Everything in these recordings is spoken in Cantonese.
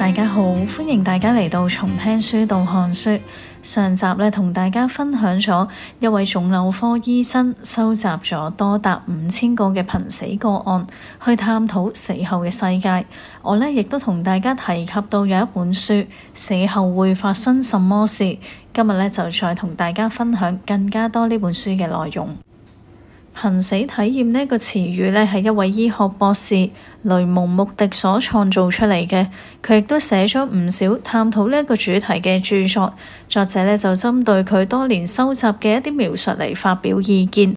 大家好，歡迎大家嚟到重聽書到看書。上集呢，同大家分享咗一位腫瘤科醫生收集咗多達五千個嘅瀕死個案，去探討死後嘅世界。我呢，亦都同大家提及到有一本書《死後會發生什麼事》。今日呢，就再同大家分享更加多呢本書嘅內容。瀕死體驗呢個詞語呢，係一位醫學博士雷蒙·穆迪所創造出嚟嘅，佢亦都寫咗唔少探討呢一個主題嘅著作。作者呢，就針對佢多年收集嘅一啲描述嚟發表意見。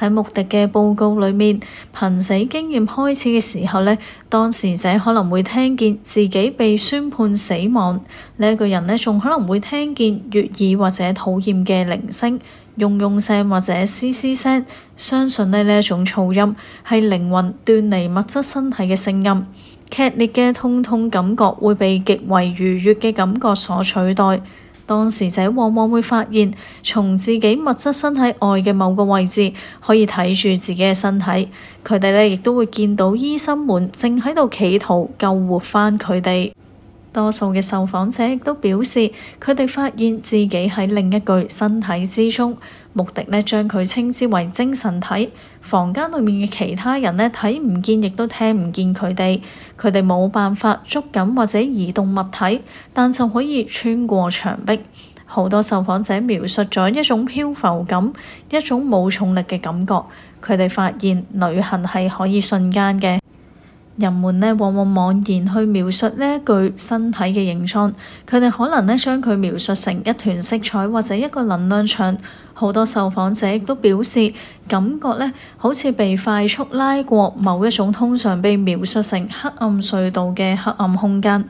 喺穆迪嘅報告裏面，瀕死經驗開始嘅時候呢，當事者可能會聽見自己被宣判死亡呢一、這個人呢，仲可能會聽見悅耳或者討厭嘅鈴聲。用用聲或者嘶嘶聲，相信呢種噪音係靈魂斷離物質身體嘅聲音。劇烈嘅痛痛感覺會被極為愉悅嘅感覺所取代。當事者往往會發現，從自己物質身體外嘅某個位置，可以睇住自己嘅身體。佢哋呢亦都會見到醫生們正喺度企圖救活翻佢哋。多數嘅受訪者亦都表示，佢哋發現自己喺另一具身體之中。穆迪咧將佢稱之為精神體。房間裏面嘅其他人咧睇唔見，亦都聽唔見佢哋。佢哋冇辦法捉緊或者移動物體，但就可以穿過牆壁。好多受訪者描述咗一種漂浮感，一種冇重力嘅感覺。佢哋發現旅行係可以瞬間嘅。人們咧往往妄言去描述呢一具身體嘅形狀，佢哋可能咧將佢描述成一團色彩或者一個能量場。好多受訪者都表示感覺咧好似被快速拉過某一種通常被描述成黑暗隧道嘅黑暗空間。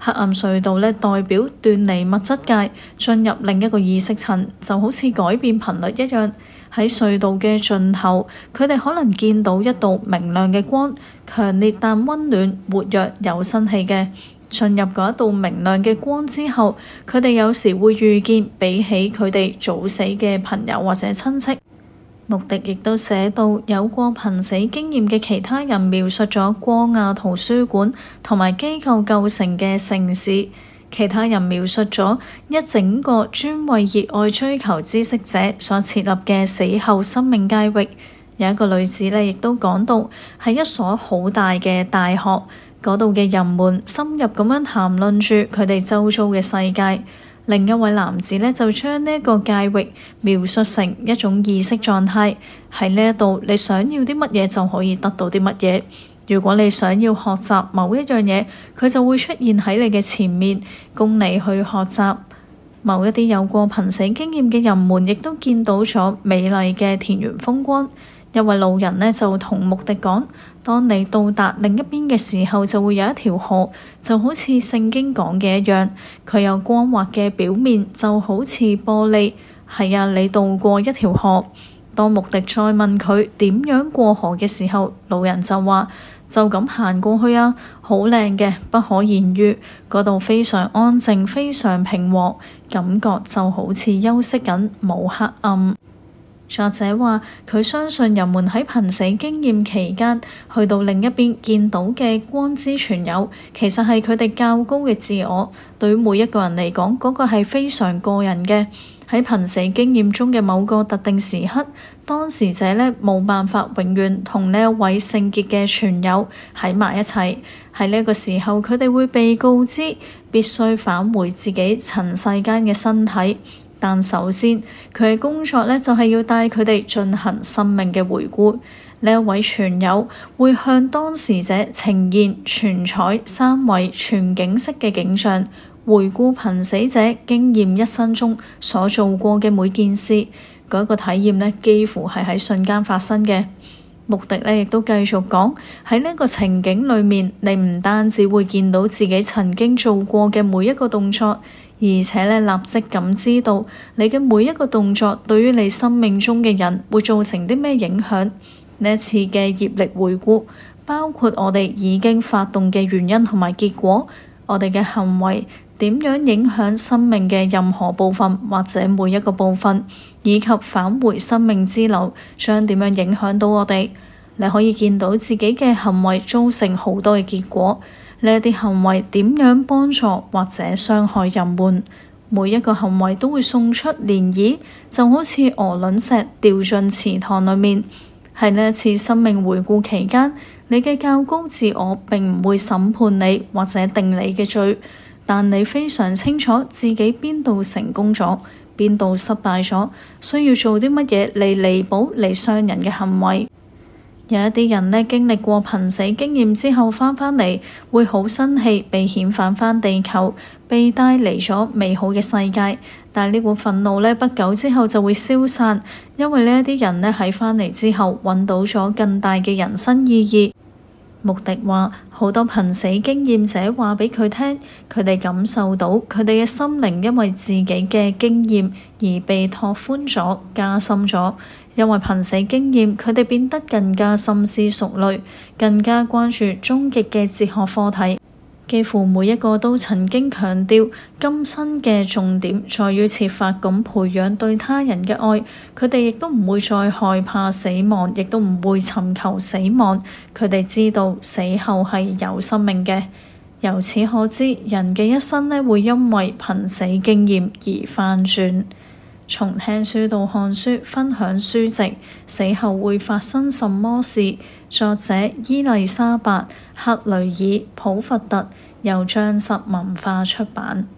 黑暗隧道咧代表斷離物質界，進入另一個意識層，就好似改變頻率一樣。喺隧道嘅盡頭，佢哋可能見到一道明亮嘅光，強烈但溫暖、活躍有生氣嘅。進入嗰一道明亮嘅光之後，佢哋有時會遇見比起佢哋早死嘅朋友或者親戚。穆迪亦都寫到，有過瀕死經驗嘅其他人描述咗光亞圖書館同埋機構構成嘅城市。其他人描述咗一整個專為熱愛追求知識者所設立嘅死後生命界域。有一個女子咧，亦都講到係一所好大嘅大學，嗰度嘅人們深入咁樣談論住佢哋周遭嘅世界。另一位男子咧，就將呢一個界域描述成一種意識狀態，喺呢一度你想要啲乜嘢就可以得到啲乜嘢。如果你想要學習某一樣嘢，佢就會出現喺你嘅前面，供你去學習。某一啲有過瀕死經驗嘅人們，亦都見到咗美麗嘅田園風光。一位老人呢，就同穆迪講：當你到達另一邊嘅時候，就會有一條河，就好似聖經講嘅一樣，佢有光滑嘅表面，就好似玻璃。係啊，你渡過一條河。當穆迪再問佢點樣過河嘅時候，老人就話。就咁行過去啊，好靚嘅，不可言喻。嗰度非常安靜，非常平和，感覺就好似休息緊，冇黑暗。作者話：佢相信人們喺瀕死經驗期間去到另一邊見到嘅光之存有，其實係佢哋較高嘅自我。對每一個人嚟講，嗰、嗰個係非常個人嘅。喺瀕死經驗中嘅某個特定時刻，當事者呢冇辦法永遠同呢一位聖潔嘅存有喺埋一齊，喺呢一個時候，佢哋會被告知必須返回自己塵世間嘅身體，但首先佢嘅工作呢就係、是、要帶佢哋進行生命嘅回顧。呢一位存有會向當事者呈現全彩三維全景式嘅景象。回顧瀕死者經驗一生中所做過嘅每件事，嗰、那、一個體驗咧，幾乎係喺瞬間發生嘅。穆迪咧亦都繼續講，喺呢個情景裏面，你唔單止會見到自己曾經做過嘅每一個動作，而且咧立即咁知道你嘅每一個動作對於你生命中嘅人會造成啲咩影響。呢一次嘅業力回顧，包括我哋已經發動嘅原因同埋結果。我哋嘅行為點樣影響生命嘅任何部分或者每一個部分，以及返回生命之流，將點樣影響到我哋？你可以見到自己嘅行為造成好多嘅結果。呢一啲行為點樣幫助或者傷害人們？每一個行為都會送出漣漪，就好似鵝卵石掉進池塘裏面。喺呢一次生命回顧期間，你嘅較高自我並唔會審判你或者定你嘅罪，但你非常清楚自己邊度成功咗，邊度失敗咗，需要做啲乜嘢嚟彌補你傷人嘅行為。有一啲人呢，經歷過瀕死經驗之後返返嚟，會好生氣，被遣返返地球，被帶嚟咗美好嘅世界。但係呢股憤怒呢，不久之後就會消散，因為呢啲人呢，喺返嚟之後，揾到咗更大嘅人生意義。穆迪話：好多瀕死經驗者話俾佢聽，佢哋感受到佢哋嘅心靈因為自己嘅經驗而被拓寬咗、加深咗。因為瀕死經驗，佢哋變得更加深思熟慮，更加關注終極嘅哲學課題。幾乎每一個都曾經強調今生嘅重點在於設法咁培養對他人嘅愛。佢哋亦都唔會再害怕死亡，亦都唔會尋求死亡。佢哋知道死後係有生命嘅。由此可知，人嘅一生呢，會因為瀕死經驗而翻轉。從聽書到看書，分享書籍。死後會發生什麼事？作者伊麗莎白·克雷爾·普佛特，由將實文化出版。